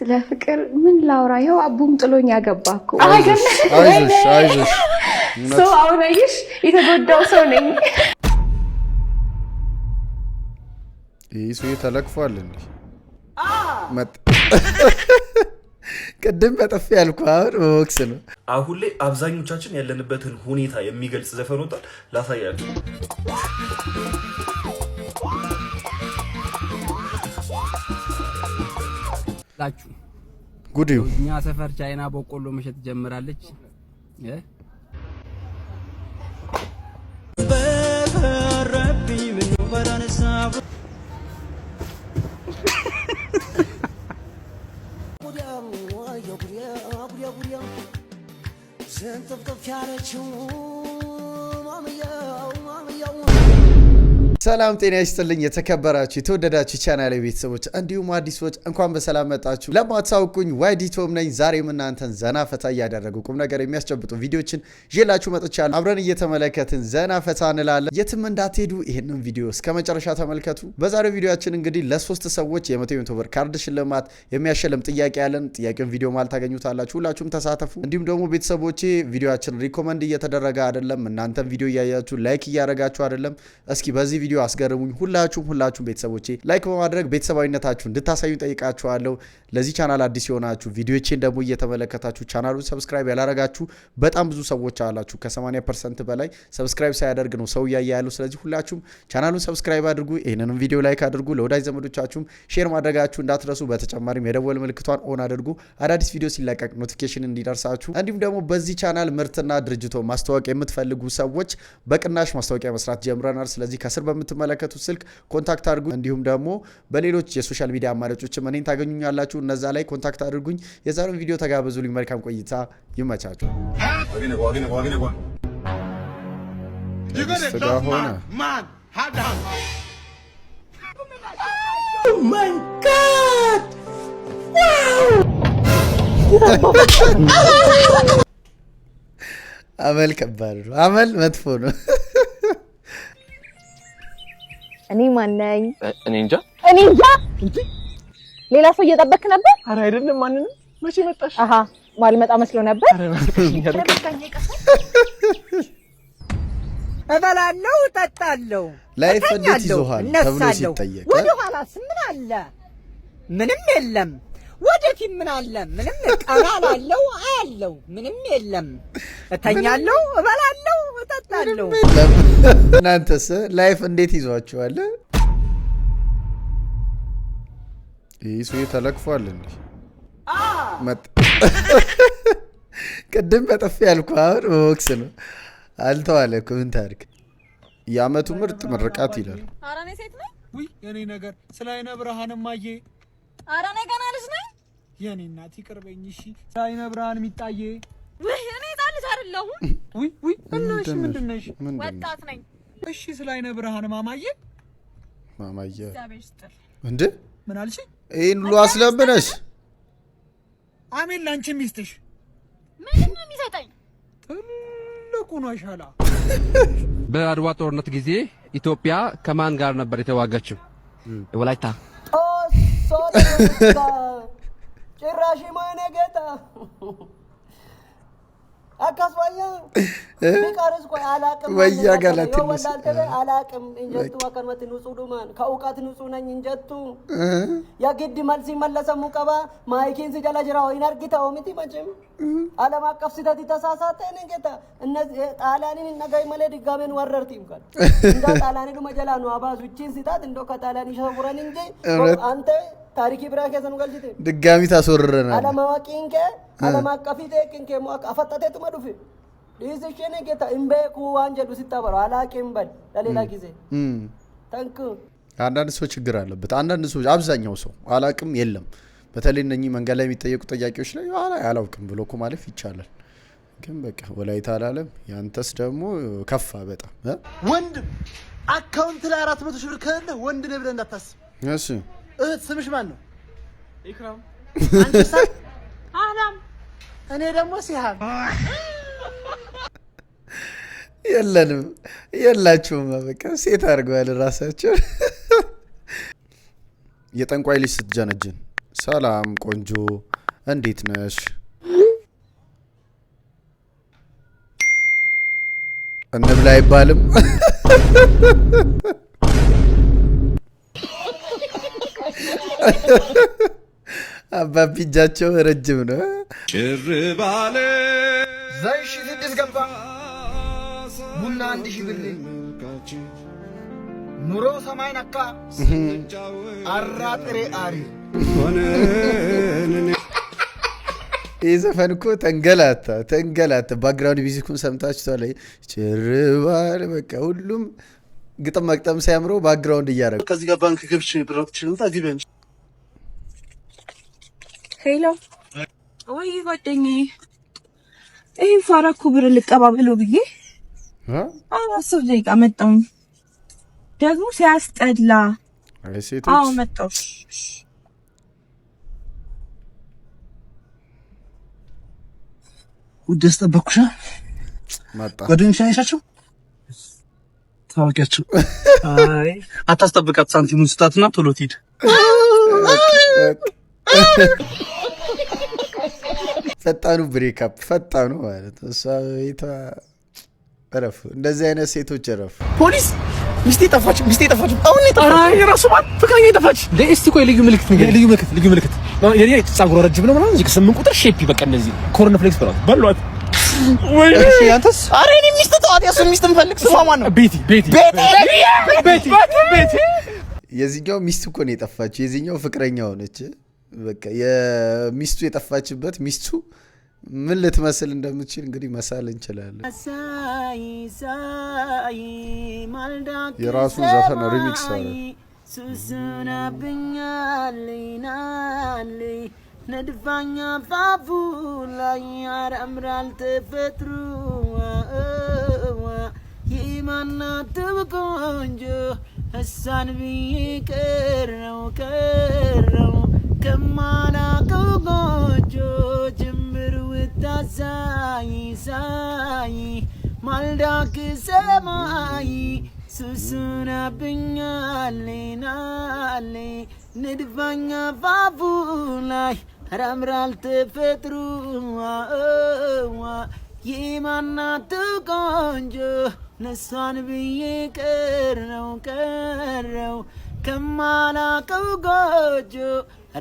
ስለ ፍቅር ምን ላውራ? ያው አቡም ጥሎኝ ያገባ እኮ አሁን አየሽ የተጎዳው ሰው ነኝ። ይህ ሰው ተለቅፏል። ቅድም በጥፍ ያልኩ አሁን በቦክስ ነው። አሁን ላይ አብዛኞቻችን ያለንበትን ሁኔታ የሚገልጽ ዘፈን ወጣል። ላሳያለሁ ላችሁ ጉድ እኛ ሰፈር ቻይና በቆሎ መሸጥ ጀምራለች። ሰላም ጤና ይስጥልኝ። የተከበራችሁ የተወደዳችሁ ቻናል ቤተሰቦች እንዲሁም አዲሶች እንኳን በሰላም መጣችሁ። ለማታውቁኝ ዋይዲቶም ነኝ። ዛሬም እናንተን ዘና ፈታ እያደረጉ ቁም ነገር የሚያስጨብጡ ቪዲዮችን ይዤላችሁ መጥቻለሁ። አብረን እየተመለከትን ዘና ፈታ እንላለን። የትም እንዳትሄዱ ይህንን ቪዲዮ እስከ መጨረሻ ተመልከቱ። በዛሬው ቪዲዮችን እንግዲህ ለሶስት ሰዎች የመቶ መቶ ብር ካርድ ሽልማት የሚያሸልም ጥያቄ ያለን ጥያቄውን ቪዲዮ ማል ታገኙታላችሁ። ሁላችሁም ተሳተፉ። እንዲሁም ደግሞ ቤተሰቦቼ ቪዲዮችን ሪኮመንድ እየተደረገ አይደለም፣ እናንተን ቪዲዮ እያያችሁ ላይክ እያደረጋችሁ አይደለም። እስኪ በዚህ ቪዲዮ አስገርሙኝ። ሁላችሁም ሁላችሁም ቤተሰቦቼ ላይክ በማድረግ ቤተሰባዊነታችሁ እንድታሳዩ ጠይቃችኋለሁ። ለዚህ ቻናል አዲስ የሆናችሁ ቪዲዮቼን ደግሞ እየተመለከታችሁ ቻናሉን ሰብስክራይብ ያላረጋችሁ በጣም ብዙ ሰዎች አላችሁ። ከ80 ፐርሰንት በላይ ሰብስክራይብ ሳያደርግ ነው ሰው እያየ ያለው። ስለዚህ ሁላችሁም ቻናሉን ሰብስክራይብ አድርጉ፣ ይህንንም ቪዲዮ ላይክ አድርጉ። ለወዳጅ ዘመዶቻችሁም ሼር ማድረጋችሁ እንዳትረሱ። በተጨማሪም የደወል ምልክቷን ኦን አድርጉ፣ አዳዲስ ቪዲዮ ሲለቀቅ ኖቲፊኬሽን እንዲደርሳችሁ። እንዲሁም ደግሞ በዚህ ቻናል ምርትና ድርጅቶ ማስታወቂያ የምትፈልጉ ሰዎች በቅናሽ ማስታወቂያ መስራት ጀምረናል። ስለዚህ ከስር በ በምትመለከቱት ስልክ ኮንታክት አድርጉ። እንዲሁም ደግሞ በሌሎች የሶሻል ሚዲያ አማራጮችም እኔን ታገኙኛላችሁ። እነዛ ላይ ኮንታክት አድርጉኝ። የዛሬውን ቪዲዮ ተጋበዙልኝ። መልካም ቆይታ። ይመቻችሁ። ስጋ ሆነ አመል ከባድ ነው። አመል መጥፎ ነው። እኔ ማን እኔ እንጃ እኔ እንጃ። ሌላ ሰው እየጠበክ ነበር? አረ አይደለም። ማንንም መቼ መጣሽ? አሃ ማልመጣ መስሎ ነበር። እበላለሁ፣ እጠጣለሁ፣ ላይፍ እንዴት ይዞሃል ተብሎ ሲጠየቅ ወደኋላስ ምን አለ? ምንም የለም። ወደፊት ምን አለ? ምንም ቀናል አለው አያለው ምንም የለም። እተኛለው፣ እበላለው፣ እጠጣለው። እናንተስ ላይፍ እንዴት ይዟችኋል? ይህ ሰው ተለክፏል እንዴ? ቅድም በጠፊ ያልኩ አሁን በቦክስ ነው። አልተዋለ እኮ ምን ታሪክ የአመቱ ምርጥ ምርቃት ይላል። ኧረ እኔ ሴት ነኝ። ውይ የኔ ነገር ስለ አይነ ብርሃንም አየ። ኧረ እኔ ገና ልጅ ነኝ። የኔ እናት ይቅርበኝ። እሺ አይነ ብርሃን የሚጣዬ ወይ እኔ ታንስ አይደለሁም። ወይ ወይ እናሽ ምንድን ነሽ? ወጣት ነኝ። እሺ ስለ አይነ ብርሃን ማማዬ ማማዬ እንዴ ምን አልሽ? ይሄን ሁሉ አስለምነሽ አሜን። ላንቺ ሚስትሽ ምንም ነው የሚሰጠኝ ትልቁ ነው ሻላ። በአድዋ ጦርነት ጊዜ ኢትዮጵያ ከማን ጋር ነበር የተዋጋችው? ወላይታ ጭራሽ ማነ ገጣ አካስዋያ ቢቀርስ ቆይ አላቅም ወያ ጋላት አላቅም እንጀቱ አከርመት ንጹህ ዱማን ከእውቀት ንጹህ ነኝ እንጀቱ የግድ መልስ መለሰሙ ቀባ ማይኪን ሲጀላ ጅራ ወይን አርጊታው ምቲ መቼም ዓለም አቀፍ ስህተት ተሳሳተን እንጌታ እነዚህ ጣሊያንን እነጋይ መለ ድጋሜን ወረርት ይምካል እንደ ጣሊያንን ዱመጀላ ነው አባዙችን እቺን ስህተት እንደው ከጣሊያን ይሸውረን እንጂ አንተ ታሪክ ብራ ከዘኑ ገልጅቴ ድጋሚ ታስወርረናል። አለማዋቂንከ አለማቀፊቴ ክንከ ሞአቅ አፈጠቴ ቱመዱፍ ዲዝሽኔ ጌታ እምቤ ኩዋን ጀዱ ሲታበሩ አላቂም በል ለሌላ ጊዜ ተንክ አንዳንድ ሰው ችግር አለበት። አንዳንድ ሰው አብዛኛው ሰው አላቅም የለም። በተለይ እነኚህ መንገድ ላይ የሚጠየቁ ጥያቄዎች ላይ አላውቅም ብሎ እኮ ማለፍ ይቻላል። ግን በቃ ወላይታ አላለም። ያንተስ ደግሞ ከፋ በጣም ወንድም አካውንት ላይ አራት መቶ ሺህ ብር ከሌለ ወንድ ነህ ብለህ እንዳታስብ። እሺ እህት ስምሽ ማን ነው? ኢክራም። አንቺስ? አህላም። እኔ ደግሞ ሲሃም። የለንም የላችሁም። በቃ ሴት አድርገዋል ራሳቸውን። የጠንቋይ ልጅ ስትጀነጅን፣ ሰላም ቆንጆ እንዴት ነሽ? እንብላ አይባልም። አባቢ እጃቸው ረጅም ነው። ጭር ባለ ዘይ ስድስት ገባ ቡና አንድ ሺ ብር ኑሮ ሰማይ ነካ አራ ጥሬ አሪ ይህ ዘፈን እኮ ተንገላታ ተንገላታ። ባክግራውንድ ሚዚኩን ሰምታችኋል። ጭር ባለ በቃ ሁሉም ግጥም መቅጠም ሲያምሮ ባክግራውንድ እያደረገ ከዚህ ጋር ባንክ ገብቼ ሄሎ፣ ወይ ጓደኛዬ፣ ይህ ፋራ እኮ ብር ልቀባበሎ ብዬ አስር ደቂቃ መጣሁ። ደግሞ ሲያስጠላ። አዎ መጣሁ። ውድ ያስጠበኩሻ ጓደኞች አይሻቸው ታወቂያቸው አታስጠብቃት፣ ሳንቲሙን ስጣትና ቶሎ ትሂድ። ፈጣኑ ብሬክአፕ ፈጣኑ ማለት እሷ ቤቷ እረፍ። እንደዚህ አይነት ሴቶች እረፍ። ፖሊስ ሚስቴ ጠፋች፣ ሚስቴ ጠፋች፣ አሁን የራሱ ባል ፍቅረኛ የጠፋች። እስቲ ቆይ ልዩ ምልክት ነገር ልዩ ምልክት ልዩ ምልክት ፀጉሯ ረጅም ነው ምናምን ስምንት ቁጥር ሼፒ በቃ እነዚህ ኮርንፍሌክስ በሏት የዚህኛው ሚስቱ እኮ ነው የጠፋችው። የዚኛው ፍቅረኛው ነች። በቃ የሚስቱ የጠፋችበት ሚስቱ ምን ልትመስል እንደምትችል እንግዲህ መሳል እንችላለን። የራሱ ዘፈን ሪሚክስ ነድፋኛ ፋፉ ላይ ያራምራል ተፈጥሮ የኢማና ትብቆንጆ እሳን ብዬ ቀረው ቀረው ከማላቀው ጎጆ ጅምር ውታሳይ ሳይ ማልዳክ ሰማይ ሱሱናብኛሌ ናሌ ንድፋኛ ፋፉ ላይ ተራምራል ተፈጥሩ የማናት ቆንጆ ነሷን ብዬ ቀረው ቀረው ከማላቀው ጎጆ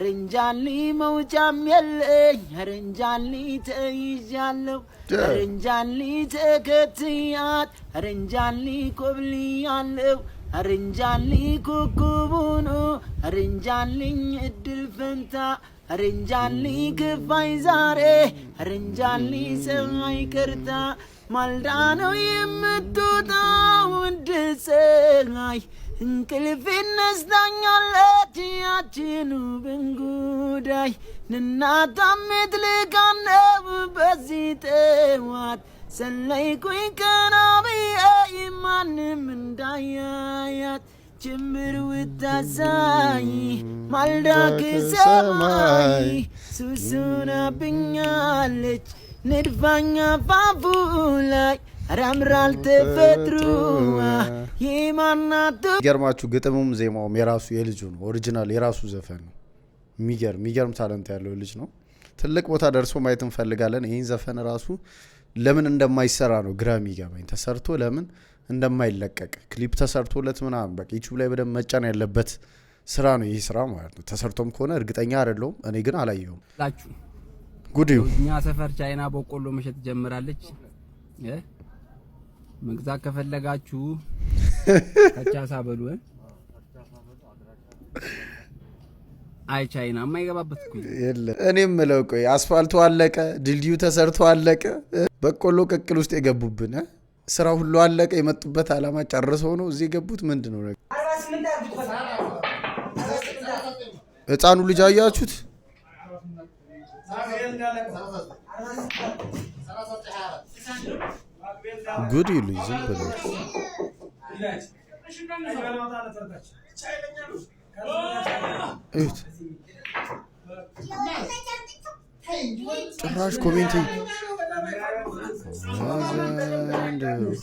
ረንጃሊ መውጫም የለኝ ረንጃሊ ተይዣለሁ ረንጃሊ ተከትያት ረንጃሊ ኮብልያለሁ አረንጃልኝ ኮከብ ሆኖ አረንጃልኝ እድል ፈንታ አረንጃልኝ ክፋይ ዛሬ አረንጃልኝ ሰማይ ከርታ ማልዳ ነው የምትወጣው እንደ ፀሐይ እንቅልፍ ነስታኛለት ያችኑ ብንጉዳይ ንናታሜት ልካነብ በዚህ ጠዋት ሰለይኩኝ ቀና ብዬ ማንም እንዳያያት ጅምር ውታሳይ ማልዳ ከሰማይ ሱሱናብኛለች ንድፋኛ ባቡ ላይ ግጥሙም ዜማውም የራሱ የልጁ ነው። ኦሪጂናል የራሱ ዘፈን ነው። የሚገርም የሚገርም ታለንት ያለው ልጅ ነው። ትልቅ ቦታ ደርሶ ማየት እንፈልጋለን። ይህን ዘፈን ራሱ ለምን እንደማይሰራ ነው ግራ የሚገባኝ። ተሰርቶ ለምን እንደማይለቀቅ ክሊፕ ተሰርቶለት ምናምን በቃ ዩቲዩብ ላይ በደንብ መጫን ያለበት ስራ ነው ይህ ስራ ማለት ነው። ተሰርቶም ከሆነ እርግጠኛ አይደለሁም። እኔ ግን አላየሁም። ጉድ እኛ ሰፈር ቻይና በቆሎ መሸጥ ጀምራለች። መግዛት ከፈለጋችሁ ከቻሳ በሉ አይ ቻይና የማይገባበት የለም። እኔም ምለው ቆይ አስፋልቱ አለቀ፣ ድልድዩ ተሰርቶ አለቀ። በቆሎ ቅቅል ውስጥ የገቡብን ስራ ሁሉ አለቀ። የመጡበት አላማ ጨርሰው ነው እዚህ የገቡት። ምንድን ነው ነገር ህፃኑ ልጅ አያችሁት? ጉድ ይሉኝ ዝም ብለው Evet. Rush community. Lazandı.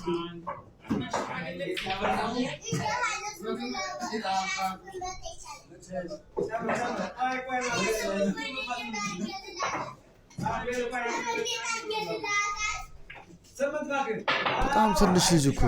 Tam sırrı şizuku.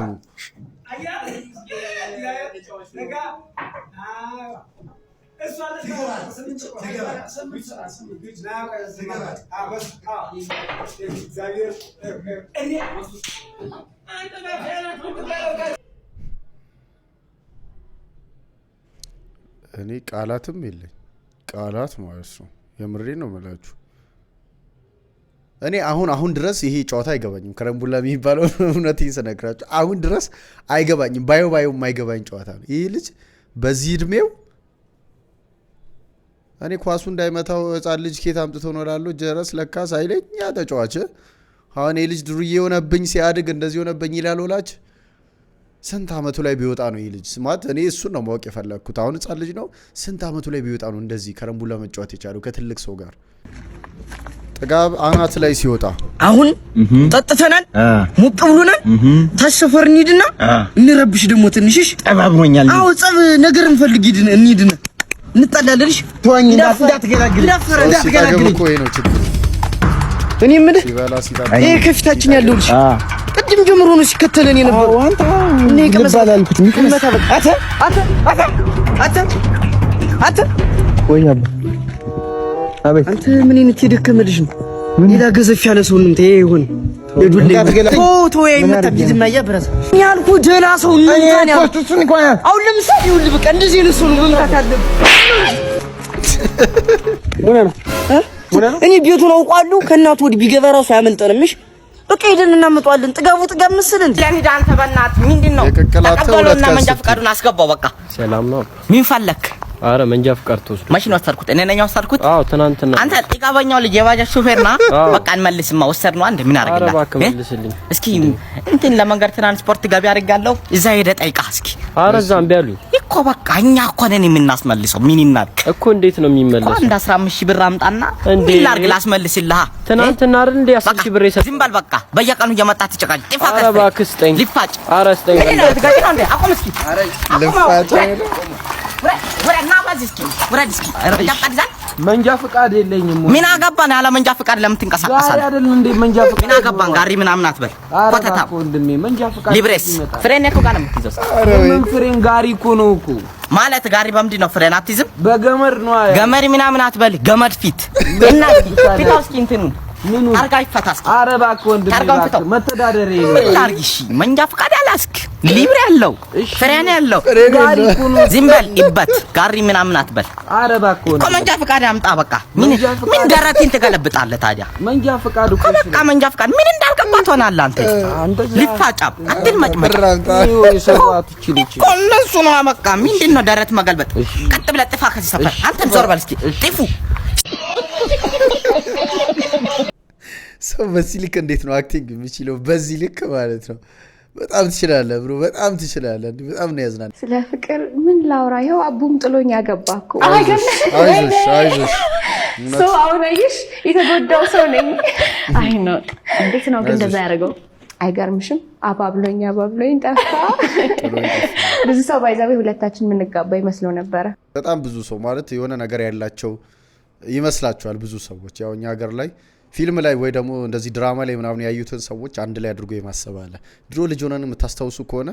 እኔ ቃላትም የለኝ ቃላት ማለት ነው። የምሬ ነው የምላችሁ። እኔ አሁን አሁን ድረስ ይሄ ጨዋታ አይገባኝም። ከረምቡላ የሚባለው እውነት ስነግራቸው አሁን ድረስ አይገባኝም። ባዮ ባዮ የማይገባኝ ጨዋታ ነው። ይህ ልጅ በዚህ እድሜው እኔ ኳሱ እንዳይመታው ህፃን ልጅ ኬት አምጥቶ ኖራለሁ። ጀረስ ለካስ ኃይለኛ ተጫዋች አሁን ይህ ልጅ ድሩዬ የሆነብኝ ሲያድግ እንደዚህ የሆነብኝ ይላል። ወላጅ ስንት አመቱ ላይ ቢወጣ ነው ይህ ልጅ ስማት? እኔ እሱን ነው ማወቅ የፈለግኩት። አሁን ህፃን ልጅ ነው። ስንት አመቱ ላይ ቢወጣ ነው እንደዚህ ከረምቡላ መጫወት የቻለው ከትልቅ ሰው ጋር ጥጋብ አናት ላይ ሲወጣ አሁን ጠጥተናል፣ ሞቅ ብሎናል። ታሸፈር እንሂድና እንረብሽ ደግሞ ትንሽሽ ጠባብሮኛል። አዎ ጸብ ነገር እንፈልግ እንሂድና እንጣላለንሽ። ተወኝ፣ እንዳትገላግል እንዳትገላግል። እኔ የምልህ ይሄ ከፊታችን ያለው ልጅ ቅድም ጀምሮ ነው ሲከተለን የነበረው። እኔ ይቀመሳል አልኩት። አተ አተ አተ አተ ወይ አባ አንተ ምን አይነት የደከመ ልጅ ነው? ሌላ ገዘፍ ያለ ሰው ሰውንም ተይ ይሁን ያልኩ ደህና ሰው አሁን ለምሳሌ ይሁን በቃ እንደዚህ አይነት ሰው መምራት አለብህ። እኔ ቤቱን አውቀዋለሁ። ከእናቱ ወዲህ ቢገባ ራሱ አያመልጠንም። እሺ በቃ ሄደን እናመጣዋለን። ጥጋቡ ጥጋብ ምስል እንዴ አንተ በእናትህ ምንድን ነው? ተቀበለውና መንጃ ፈቃዱን አስገባው። በቃ ሰላም ነው። ምን ፈለክ? አረ መንጃ ፍቃድ ተወስዶ ማሽን አሰርኩት። እኔ ነኝ አሰርኩት። አዎ ትናንትና አንተ ጥጋበኛው ልጅ የባጃጅ ሹፌር ና በቃ እንመልስማ ነው አንድ ምን አረጋግላ እስኪ እንትን ለመንገድ ትራንስፖርት ገቢ አድርጋለሁ። እዛ ሄደ ጠይቃ እስኪ። አረ እዛ እምቢ አሉኝ እኮ በቃ እኛ እኮ ነን የምናስመልሰው። ምን ይናል እኮ እንዴት ነው የሚመለሰው? አንድ 15 ሺህ ብር አምጣና ምን ላድርግ ላስመልስልህ። ትናንትና አይደል እንዴ 10 ሺህ ብር ይሰጥ። ዝም በል በቃ። በየቀኑ እየመጣ ትጨቃጭ ጥፋ ከስጠኝ ሊፋጭ አረ ስጠኝ እስኪ። አረ ልፋጭ መንጃ ፍቃድ የለኝም። ምን አገባን? ያለ መንጃ ፍቃድ ለምን ትንቀሳቀሳለህ? ምን አገባን? ጋሪ ምናምን አትበል። ኮተታ ሊብሬስ ፍሬን እኮ ጋር ነው የምትይዘው። ምን ፍሬን? ጋሪ እኮ ነው እኮ ማለት ጋሪ በምንድን ነው ፍሬን አትይዝም? በገመድ ነው። ገመድ ምናምን አትበል። ገመድ ፊት እና ፊት አውስኪ እንትኑን አርጋ ይፈታስ። ኧረ እባክህ ወንድሜ መተዳደር ምን ላድርግ? እሺ መንጃ ፍቃድ ላስክ ሊብሬ ያለው ፍሬን ያለው ጋሪ ኩኑ ዝም በል ይበት ጋሪ ምናምን አትበል። ኧረ እባክህ እኮ መንጃ ፍቃድ አምጣ። በቃ ምን ምን ደረቴን ትገለብጣለህ ታዲያ? መንጃ ፍቃድ እኮ በቃ መንጃ ፍቃድ ምን እንዳልገባ ትሆናለህ አንተ። ልፋጫም አትልመጭመጭ እኮ እነሱ ነው። በቃ ምንድን ነው ደረት መገልበጥ? ቀጥ ብለህ ጥፋ ከዚህ ሰፈር። አንተም ዞር በል እስኪ ጥፉ። ሰው በዚህ ልክ እንዴት ነው አክቲንግ የሚችለው? በዚህ ልክ ማለት ነው። በጣም ትችላለህ ብሎ በጣም ትችላለህ። በጣም ነው ያዝናል። ስለ ፍቅር ምን ላውራ? ይኸው አቡም ጥሎኝ ያገባ እኮ። አይዞሽ አይዞሽ። ሰው አሁን አየሽ፣ የተጎዳው ሰው ነኝ። አይ ነው እንዴት ነው ግን እንደዛ ያደርገው? አይገርምሽም? አባብሎኝ አባብሎኝ ጠፋ። ብዙ ሰው ባይዛ ሁለታችን የምንጋባ ይመስለው ነበረ። በጣም ብዙ ሰው ማለት የሆነ ነገር ያላቸው ይመስላቸዋል ብዙ ሰዎች ያው እኛ ሀገር ላይ ፊልም ላይ ወይ ደግሞ እንደዚህ ድራማ ላይ ምናምን ያዩትን ሰዎች አንድ ላይ አድርጎ የማሰብ አለ። ድሮ ልጅ ሆነን የምታስታውሱ ከሆነ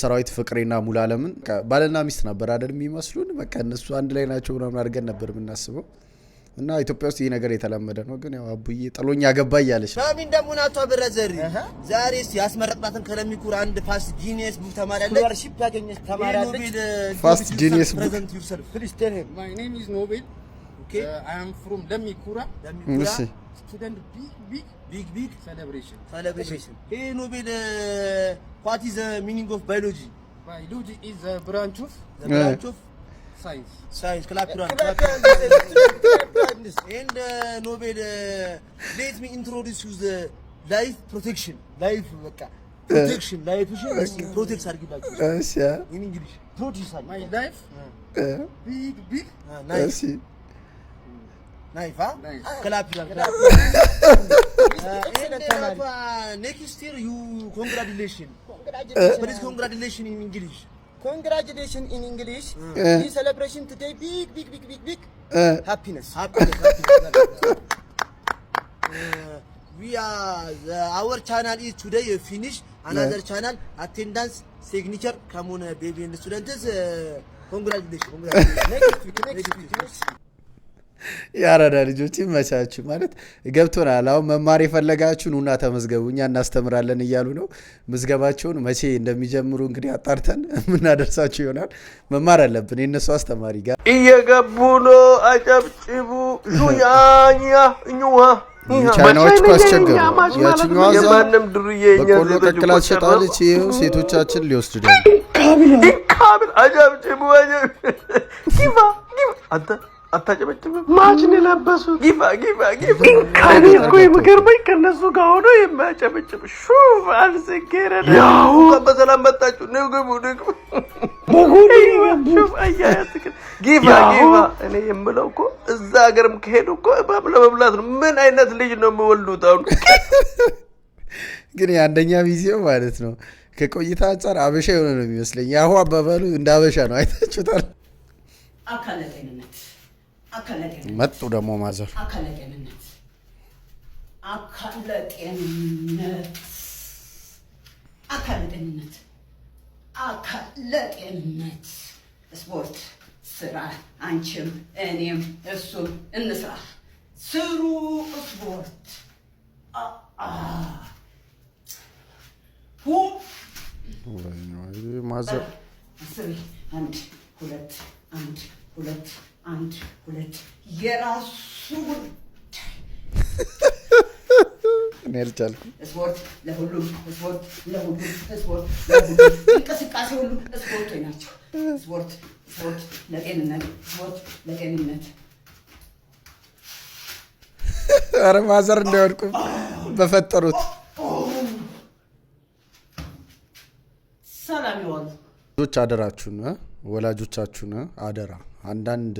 ሰራዊት ፍቅሬና ሙሉ አለምን ባልና ሚስት ነበር አደል የሚመስሉን። በቃ እነሱ አንድ ላይ ናቸው ምናምን አድርገን ነበር የምናስበው። እና ኢትዮጵያ ውስጥ ይህ ነገር የተለመደ ነው። ግን ያው አቡዬ ጥሎኝ ያገባ እያለች ነው። ሚን ደግሞ ናቷ ብረዘሪ ዛሬ ያስመረቅናትን ከለሚኩር አንድ ፋስት ጂኒየስ ቡክ ተማሪ አለች። ፋስት ጂኒየስ ኖቤል Okay. Uh, I am from Lemikura. Lemikura. Merci. Student big big big big celebration. Celebration. Hey Nobel, uh, what is the meaning of biology? Biology is a branch of the branch of science. Science. Clap your uh, hands. And uh, Nobel, the. let me introduce you the life protection. Life በቃ protection life እሺ ፕሮቴክት Yes. እሺ ይሄን እንግዲህ ፕሮቴክት my life big big uh, nice Naif ha? Naif. Clap you are clap. Excellent eh, Tamari. Uh, next year you congratulations. Congratulations. But it's congratulations in English. Congratulations in English. Mm. This eh. celebration today big big big big big uh. happiness. Happiness. happiness. uh, we are the, uh, our channel is today uh, finished. Another yeah. channel attendance signature. Come on, baby, and students. Uh, congratulations. Congratulations. next week. Next week. Next week. የአራዳ ልጆች ይመቻችሁ። ማለት ገብቶናል። አሁን መማር የፈለጋችሁን ኑና ተመዝገቡ፣ እኛ እናስተምራለን እያሉ ነው። ምዝገባቸውን መቼ እንደሚጀምሩ እንግዲህ አጣርተን የምናደርሳችሁ ይሆናል። መማር አለብን የነሱ አስተማሪ ጋር እየገቡ ነው። አጨብጭቡ። ሹኛኛ እኙሃ ቻይናዎች እኮ አስቸገሩ። ያችኛዋ እዛ በቆሎ ቀቅላ ትሸጣለች። ይኸው ሴቶቻችን ሊወስድ ደግሞ አታጨበጭብም። ማችን የለበሱት ጊፋ ጊፋ ጊፋ እኮ ከነሱ ጋር ሆኖ ሹፍ ያው በሰላም መጣችሁ ነው ንግቡ ጊፋ ጊፋ። እኔ የምለው እኮ እዛ ሀገርም ከሄዱ እኮ እባብ ለመብላት ነው። ምን አይነት ልጅ ነው የምወልዱት? አሁን ግን የአንደኛ ሚዜው ማለት ነው ከቆይታ አንጻር አበሻ የሆነ ነው የሚመስለኝ። ያሁ አባባሉ እንደ አበሻ ነው። አይታችሁታል አካለ መጡ ደግሞ ማዘር አካለ ጤንነት አካለ ጤንነት አካለ ጤንነት አካለ ጤንነት ስፖርት ስራ። አንቺም እኔም እሱም እንስራ። ስሩ ስፖርት ማዘር አንድ ሁለት አንድ ሁለት አንድ ሁለት የራሱ እኔ አልቻልኩም። ስፖርት ለሁሉም ስፖርት ለሁሉም ስፖርት ለሁሉም እንቅስቃሴ ሁሉ ስፖርት ናቸው። ስፖርት ስፖርት ለጤንነት ስፖርት ለጤንነት። ኧረ ማዘር እንዳይወድቁ በፈጠሩት ሰላም ይዋሉ ልጆች አደራችሁን ወላጆቻችሁን አደራ። አንዳንድ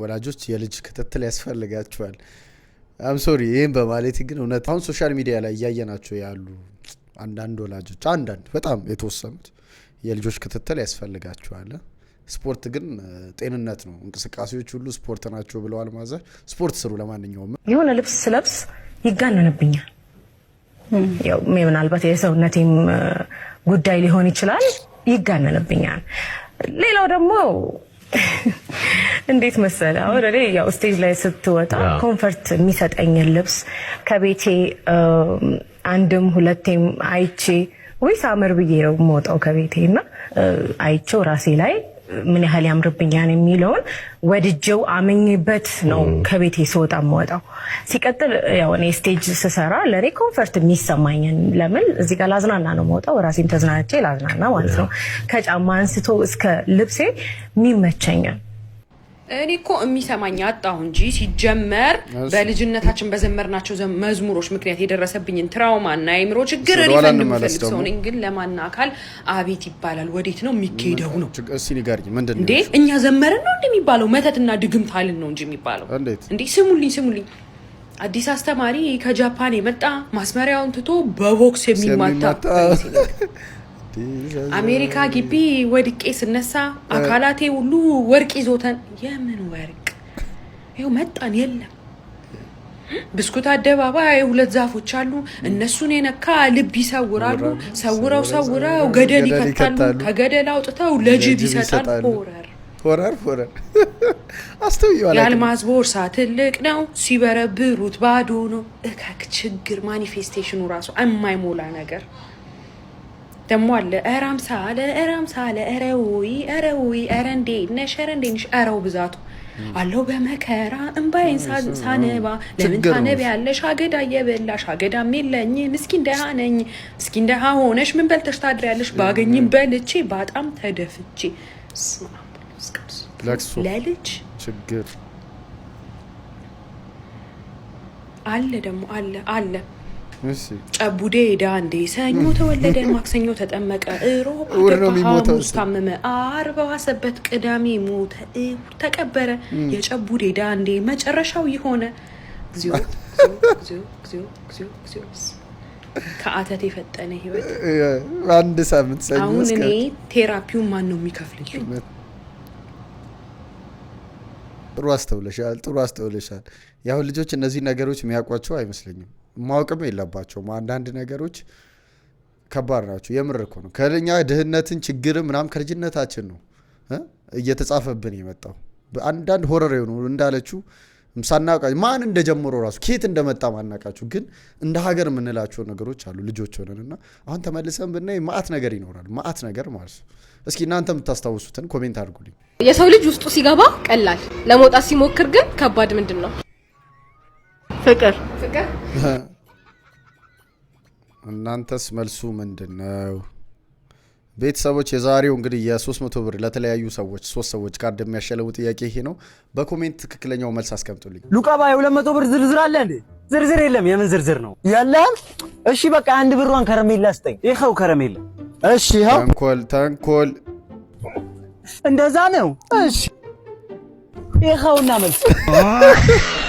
ወላጆች የልጅ ክትትል ያስፈልጋቸዋል። አምሶሪ ይህም በማለት ግን እውነት አሁን ሶሻል ሚዲያ ላይ እያየናቸው ያሉ አንዳንድ ወላጆች አንዳንድ በጣም የተወሰኑት የልጆች ክትትል ያስፈልጋቸዋል። ስፖርት ግን ጤንነት ነው። እንቅስቃሴዎች ሁሉ ስፖርት ናቸው ብለዋል ማዘ። ስፖርት ስሩ። ለማንኛውም የሆነ ልብስ ስለብስ ይጋነንብኛል። ምናልባት የሰውነቴም ጉዳይ ሊሆን ይችላል። ይጋነንብኛል ሌላው ደግሞ እንዴት መሰለ አሁን እኔ ያው ስቴጅ ላይ ስትወጣ ኮንፈርት የሚሰጠኝን ልብስ ከቤቴ አንድም ሁለቴም አይቼ ወይ ሳምር ብዬ ነው የምወጣው ከቤቴ እና አይቼው ራሴ ላይ ምን ያህል ያምርብኛል የሚለውን ወድጀው አመኝበት ነው ከቤት ስወጣ የምወጣው። ሲቀጥል ያው እኔ ስቴጅ ስሰራ ለእኔ ኮንፈርት የሚሰማኝን ለምን እዚህ ጋር ላዝናና ነው የምወጣው፣ ራሴን ተዝናቼ ላዝናና ማለት ነው። ከጫማ አንስቶ እስከ ልብሴ የሚመቸኛል እኔ እኮ የሚሰማኝ አጣሁ እንጂ ሲጀመር በልጅነታችን በዘመርናቸው መዝሙሮች ምክንያት የደረሰብኝን ትራውማ እና የአእምሮ ችግር ሪፈንድ የምፈልግ ሰው ነኝ። ግን ለማና አካል አቤት ይባላል። ወዴት ነው የሚካሄደው? ነው እንዴ እኛ ዘመርን ነው እንደ የሚባለው መተትና ድግምት አልን ነው እንጂ የሚባለው እንዴ። ስሙልኝ ስሙልኝ አዲስ አስተማሪ ከጃፓን የመጣ ማስመሪያውን ትቶ በቦክስ የሚማታ አሜሪካ ግቢ ወድቄ ስነሳ አካላቴ ሁሉ ወርቅ ይዞተን፣ የምን ወርቅ ይኸው መጣን የለም። ብስኩት አደባባይ ሁለት ዛፎች አሉ። እነሱን የነካ ልብ ይሰውራሉ። ሰውረው ሰውረው ገደል ይከታሉ። ከገደል አውጥተው ለጅብ ይሰጣል። ሆረር ሆረር የአልማዝ ቦርሳ ትልቅ ነው፣ ሲበረብሩት ባዶ ነው። እከክ ችግር ማኒፌስቴሽኑ ራሱ የማይሞላ ነገር ደግሞ አለ ኧረ አምሳ አለ ኧረ አምሳ አለ ኧረ ውይ ኧረ ውይ ኧረ እንዴት ነሽ ኧረ ብዛቱ አለው በመከራ እምባዬን ሳነባ ለምን ታነቢያለሽ? አገዳ እየበላሽ አገዳም የለኝ ምስኪን ደሃ ነኝ ምስኪን ደሃ ሆነሽ ምን በልተሽ ታድሪያለሽ? ባገኝም በልቼ በጣም ተደፍቼ ለልጅ ችግር አለ ደግሞ አለ አለ ጨቡዴ ሄዳ እንዴ ሰኞ ተወለደ፣ ማክሰኞ ተጠመቀ፣ ሮብ ሐሙስ ታመመ፣ አርብ ዋሰበት፣ ቅዳሜ ሞተ፣ እሑድ ተቀበረ። የጨቡዴ ሄዳ እንዴ መጨረሻው የሆነ ከአተት የፈጠነ ህይወት አንድ ሳምንት። አሁን እኔ ቴራፒውን ማን ነው የሚከፍልልኝ? ጥሩ አስተውለሻል፣ ጥሩ አስተውለሻል። ያሁን ልጆች እነዚህ ነገሮች የሚያውቋቸው አይመስለኝም። ማወቅም የለባቸውም። አንዳንድ ነገሮች ከባድ ናቸው። የምር እኮ ነው። ከኛ ድህነትን ችግር ምናም ከልጅነታችን ነው እየተጻፈብን የመጣው አንዳንድ ሆረር የሆኑ እንዳለችው ሳናውቃቸው ማን እንደጀምሮ ራሱ ኬት እንደመጣ ማናውቃችሁ፣ ግን እንደ ሀገር የምንላቸው ነገሮች አሉ። ልጆች ሆነን እና አሁን ተመልሰን ብናይ ማአት ነገር ይኖራል። ማአት ነገር ማለት ነው። እስኪ እናንተ የምታስታውሱትን ኮሜንት አድርጉልኝ። የሰው ልጅ ውስጡ ሲገባ ቀላል፣ ለመውጣት ሲሞክር ግን ከባድ ምንድን ነው? ፍቅር እናንተስ መልሱ ምንድን ነው? ቤተሰቦች የዛሬው እንግዲህ የ300 ብር ለተለያዩ ሰዎች ሶስት ሰዎች ካርድ የሚያሸለሙ ጥያቄ ይሄ ነው። በኮሜንት ትክክለኛው መልስ አስቀምጡልኝ። ሉቃባ የ200 ብር ዝርዝር አለ እንዴ? ዝርዝር የለም። የምን ዝርዝር ነው ያለ? እሺ በቃ አንድ ብሯን ከረሜላ ስጠኝ። ይኸው ከረሜላ። እሺ ይኸው። ተንኮል ተንኮል፣ እንደዛ ነው። እሺ ይኸውና መልስ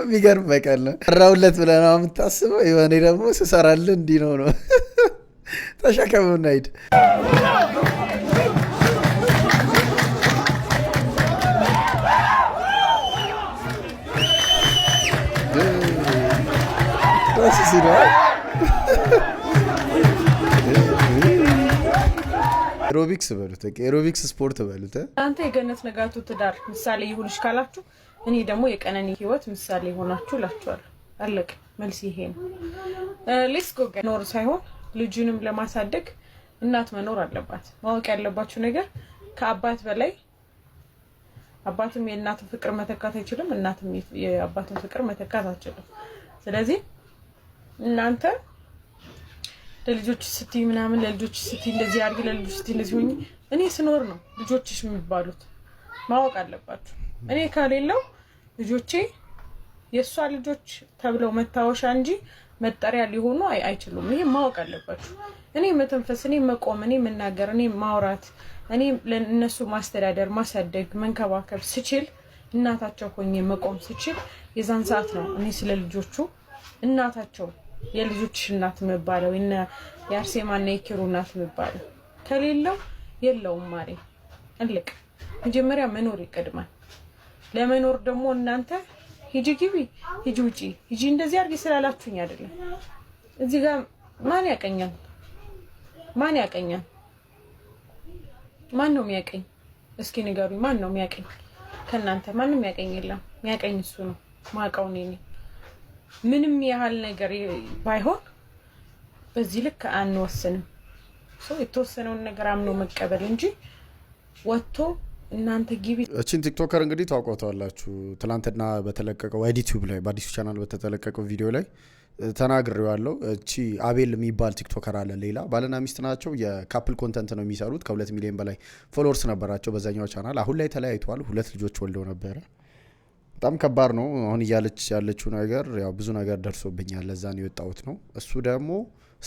የሚገርም በቀል ነው። ሰራሁለት ብለህ ነው የምታስበው። የሆነ ደግሞ ስሰራልህ እንዲህ ነው ነው። ተሸከም እና ሂድ። ደስ ሲለዋል ኤሮቢክስ በሉት ኤሮቢክስ ስፖርት በሉት። እናንተ የገነት ንጋቱ ትዳር ምሳሌ ይሁንሽ ካላችሁ እኔ ደግሞ የቀነኒ ህይወት ምሳሌ ይሆናችሁ እላችኋለሁ። አለቅ መልስ ይሄ ነው። ሌስ ጎ ኖር ሳይሆን ልጁንም ለማሳደግ እናት መኖር አለባት። ማወቅ ያለባችሁ ነገር ከአባት በላይ አባትም የእናትን ፍቅር መተካት አይችልም፣ እናትም የአባትን ፍቅር መተካት አይችልም። ስለዚህ እናንተ ለልጆች ስትይ ምናምን ለልጆች ስቲ እንደዚህ አድርጊ ለልጆች ስቲ እንደዚህ ሆኝ። እኔ ስኖር ነው ልጆችሽ የሚባሉት ማወቅ አለባችሁ። እኔ ከሌለው ልጆቼ የእሷ ልጆች ተብለው መታወሻ እንጂ መጠሪያ ሊሆኑ አይችሉም። ይሄ ማወቅ አለባችሁ። እኔ መተንፈስ፣ እኔ መቆም፣ እኔ መናገር፣ እኔ ማውራት፣ እኔ ለእነሱ ማስተዳደር፣ ማሳደግ፣ መንከባከብ ስችል እናታቸው ሆኜ መቆም ስችል የዛን ሰዓት ነው እኔ ስለ ልጆቹ እናታቸው የልጆችሽ እናት የሚባለው የአርሴማና የኪሩ እናት የሚባለው ከሌለው የለውም ማሬ እልቅ መጀመሪያ መኖር ይቀድማል። ለመኖር ደግሞ እናንተ ሂጂ ግቢ፣ ሂጂ ውጪ፣ ሂጂ እንደዚህ አድርጊ ስላላችሁኝ አይደለም። እዚህ ጋር ማን ያቀኛል? ማን ያቀኛል? ማን ነው የሚያቀኝ? እስኪ ንገሩኝ። ማን ነው የሚያቀኝ? ከእናንተ ማንም ያቀኝ የለም። የሚያቀኝ እሱ ነው። ማውቀው እኔ ነኝ። ምንም ያህል ነገር ባይሆን በዚህ ልክ አንወስንም። ሰው የተወሰነውን ነገር አምኖ መቀበል እንጂ ወጥቶ እናንተ ጊቢ እቺን ቲክቶከር እንግዲህ ታውቋታላችሁ። ትላንትና በተለቀቀው ዩቲዩብ ላይ በአዲሱ ቻናል በተለቀቀው ቪዲዮ ላይ ተናግሬዋለሁ። እቺ አቤል የሚባል ቲክቶከር አለ፣ ሌላ ባልና ሚስት ናቸው። የካፕል ኮንተንት ነው የሚሰሩት። ከሁለት ሚሊዮን በላይ ፎሎወርስ ነበራቸው በዛኛው ቻናል። አሁን ላይ ተለያይተዋል። ሁለት ልጆች ወልደው ነበረ በጣም ከባድ ነው። አሁን እያለች ያለችው ነገር ያው ብዙ ነገር ደርሶብኛል፣ ለዛን የወጣሁት ነው። እሱ ደግሞ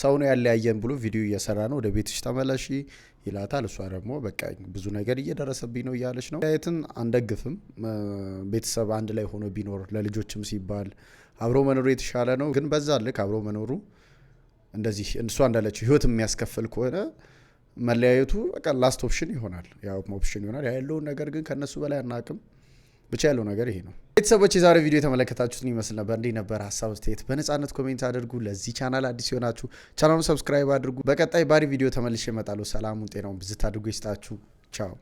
ሰው ነው ያለያየን ብሎ ቪዲዮ እየሰራ ነው። ወደ ቤትሽ ተመለሺ ይላታል። እሷ ደግሞ በቃ ብዙ ነገር እየደረሰብኝ ነው እያለች ነው። ያየትን አንደግፍም። ቤተሰብ አንድ ላይ ሆኖ ቢኖር ለልጆችም ሲባል አብሮ መኖሩ የተሻለ ነው። ግን በዛ ልክ አብሮ መኖሩ እንደዚህ እሷ እንዳለችው ህይወት የሚያስከፍል ከሆነ መለያየቱ በቃ ላስት ኦፕሽን ይሆናል፣ ያው ኦፕሽን ይሆናል ያለውን ነገር ግን ከእነሱ በላይ አናቅም ብቻ ያለው ነገር ይሄ ነው። ቤተሰቦች የዛሬ ቪዲዮ የተመለከታችሁትን ይመስል ነበር። እንዲህ ነበር ሀሳብ ስቴት በነጻነት ኮሜንት አድርጉ። ለዚህ ቻናል አዲስ የሆናችሁ ቻናሉን ሰብስክራይብ አድርጉ። በቀጣይ ባሪ ቪዲዮ ተመልሼ እመጣለሁ። ሰላሙን ጤናውን ብዝት አድርጎ ይስጣችሁ። ቻው